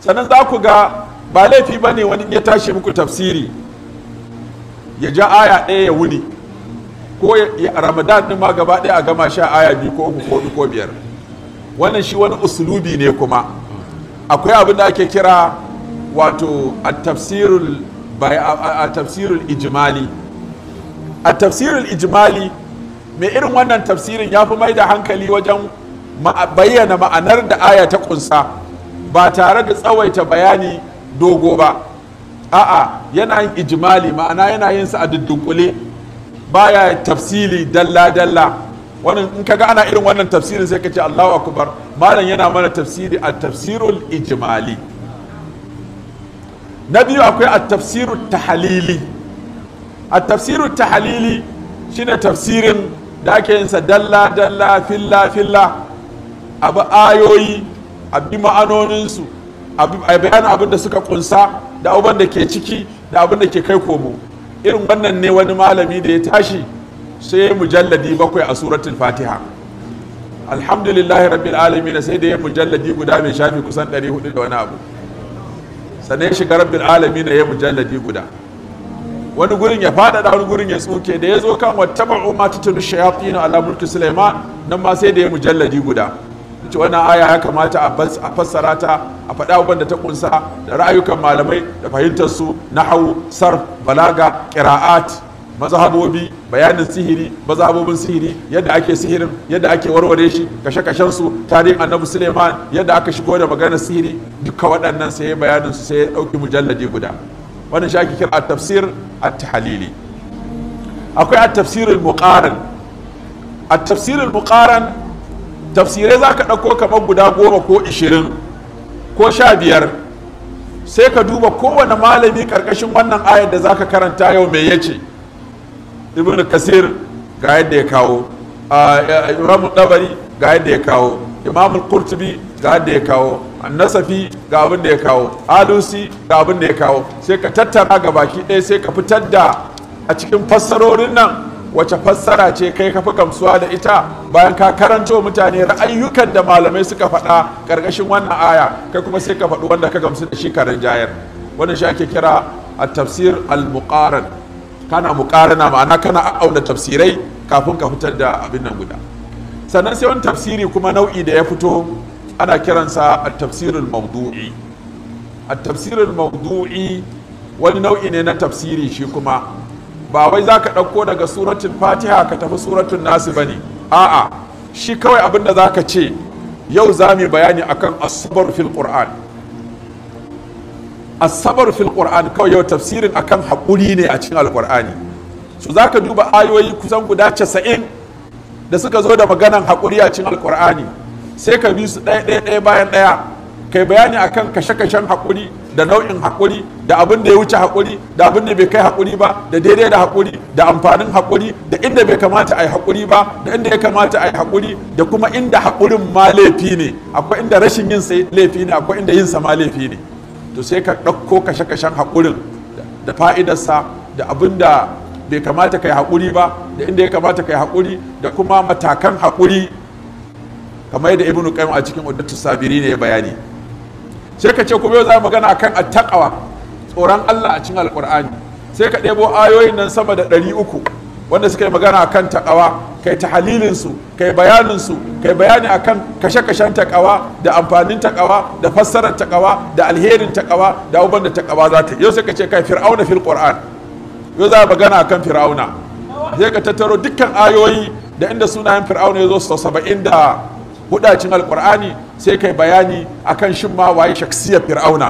sannan za ku ga ba laifi ba ne wani ya tashi muku tafsiri ya ja aya ɗaya ya wuni ko ramadan ɗin ma gaba ɗaya a gama sha aya biyu ko uku ko biyu ko biyar wannan shi wani usulubi ne kuma akwai abin da ake kira wato a tafsirul ijimali a tafsirul ijimali mai irin wannan tafsirin ya fi mai da hankali wajen bayyana ma'anar da aya ta kunsa ba tare da tsawaita bayani dogo ba a'a yana yin ijimali ma'ana yana yin sa a ba baya tafsili dalla dalla wannan in kaga ana irin wannan tafsirin sai kace Allahu akbar malam yana mana tafsiri a tafsirul ijimali na biyu akwai a tafsiru tahalili a tafsiru tahalili shine tafsirin da ake yin sa dalla dalla filla filla abu ayoyi a bi ma'anoninsu a bayan abin da suka kunsa da abin da ke ciki da abin da ke kai komo irin wannan ne wani malami da ya tashi sai ya mujalladi bakwai a suratul fatiha alhamdulillahi rabbil alamin sai da ya mujalladi guda mai shafi kusan 400 da wani abu sannan ya shiga rabbil alamin ya mujalladi guda wani gurin ya faɗaɗa wani gurin ya tsuke da ya zo kan wata ma'umma ta tunu shayafi na suleiman nan ma sai da ya mujalladi guda ce wannan aya ya kamata a fassara ta a faɗa abin da ta kunsa da ra'ayukan malamai da fahimtar su hau sarf balaga qira'at mazhabobi bayanin sihiri mazhabobin sihiri yadda ake sihirin yadda ake warware shi kashe kashen su tarihin annabi suleiman yadda aka shigo da maganar sihiri duka waɗannan sai bayanin su sai ya ɗauki mujalladi guda wannan shi ake kira tafsir at-tahlili akwai at-tafsir al-muqaran at-tafsir al-muqaran tafsirai za ka ɗauko kamar guda goma ko ishirin ko sha biyar sai ka duba kowane malami ƙarƙashin wannan ayar da za ka karanta yau mai ya ce ibn kasir ga yadda ya kawo imam dabari ga yadda ya kawo imam kurtubi ga yadda ya kawo annasafi ga abin da ya kawo alusi ga abin da ya kawo sai ka tattara ga baki ɗaya sai ka fitar da a cikin fassarorin nan wace fassara ce kai ka fi gamsuwa da ita bayan ka karanto mutane ra'ayyukan da malamai suka faɗa ƙarƙashin wannan aya kai kuma sai ka faɗi wanda ka gamsu da shi karen jayar wannan shi ake kira a tafsir al-muqaran kana muqarana ma'ana kana auna tafsirai kafin ka fitar da abin nan guda sannan sai wani tafsiri kuma nau'i da ya fito ana kiransa a tafsirul mawdu'i a tafsirul mawdu'i wani nau'i ne na tafsiri shi kuma ba wai za ka ɗauko daga suratun fatiha ka tafi suratun nasu ba ne a'a shi kawai abin da za ka ce yau za mu bayani akan asabar fil qur'an asabar fil qur'an kawai yau tafsirin akan haƙuri ne a cikin alƙur'ani su za ka duba ayoyi kusan guda casa'in da suka zo da maganan haƙuri a cikin alƙur'ani sai ka bi su ɗaya ɗaya bayan ɗaya kai bayani akan kashe-kashen haƙuri da nau'in haƙuri da abin da ya wuce haƙuri da abin da bai kai haƙuri ba da daidai da haƙuri da amfanin haƙuri da inda bai kamata a yi haƙuri ba da inda ya kamata a yi haƙuri da kuma inda haƙurin ma laifi ne akwai inda rashin yin sa laifi ne akwai inda yin sa ma laifi ne to sai ka ɗauko kashe-kashen haƙurin da fa'idarsa da abin da bai kamata kai haƙuri ba da inda ya kamata kai haƙuri da kuma matakan haƙuri kamar yadda ibnu qayyim a cikin uddatus sabiri ne ya bayani sai ka ce kuma yau za mu magana akan taƙawa tsoron Allah a cikin alqur'ani sai ka ɗebo ayoyin nan sama da ɗari uku wanda suka yi magana kan taƙawa kai ta halilinsu kai bayaninsu kai bayani akan kashe-kashen takawa da amfanin takawa da fassarar takawa da alherin takawa da abubuwan da takawa za ta yau sai ka ce kai fir'auna fil qur'an yau za magana akan fir'auna sai ka tattaro dukkan ayoyi da inda sunayen fir'auna ya zo sau saba'in da hudacin alkur'ani sai kai bayani akan shin ma waye shaksiyar fir'auna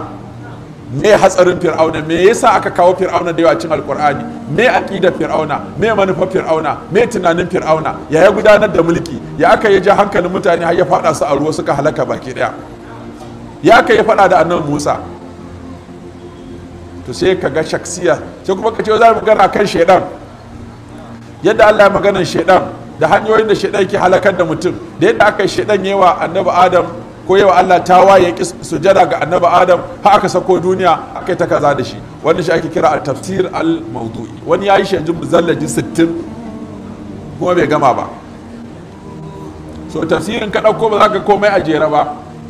me hatsarin fir'auna me yasa aka kawo fir'auna da yawa cin alkur'ani me aqidar fir'auna me manufar fir'auna me tunanin fir'auna ya ya gudanar da mulki ya aka yi ja hankalin mutane har ya fada su a ruwa suka halaka baki daya ya aka yi fada da annabi Musa to sai ka ga shaksiya sai kuma ka ce za mu gana kan shaidan yadda Allah ya maganar shaidan da hanyoyin da shaidan ke halakar da mutum da yadda aka shaidan yawa annabi adam ko yawa Allah ta waye sujada ga annabi adam har aka sako duniya aka ta kaza da shi wannan shi ake kira al tafsir al mawdu'i wani ya yi shi yanzu muzallaji sittin kuma bai gama ba so tafsirin ka dauko ba za ka komai a jere ba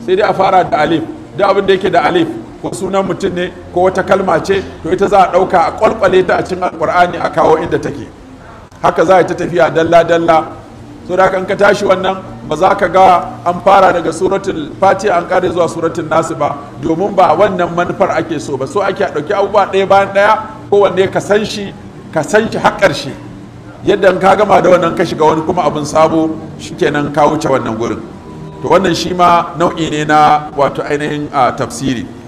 sai dai a fara da alif da abin da yake da alif ko sunan mutum ne ko wata kalma ce to ita za a ɗauka a kwalkwale ta a cikin alqur'ani a kawo inda take haka za a ta tafiya dalla dalla so da kan ka tashi wannan ba za ka ga an fara daga suratul fati an kare zuwa suratul nasu ba domin ba wannan manufar ake so ba so ake ɗauki abubuwa ɗaya bayan ɗaya wanne ka san shi ka san shi har shi yadda ka gama da wannan ka shiga wani kuma abin sabo shikenan ka wuce wannan gurin to wannan shi ma nau'i ne na wato ainihin ah, tafsiri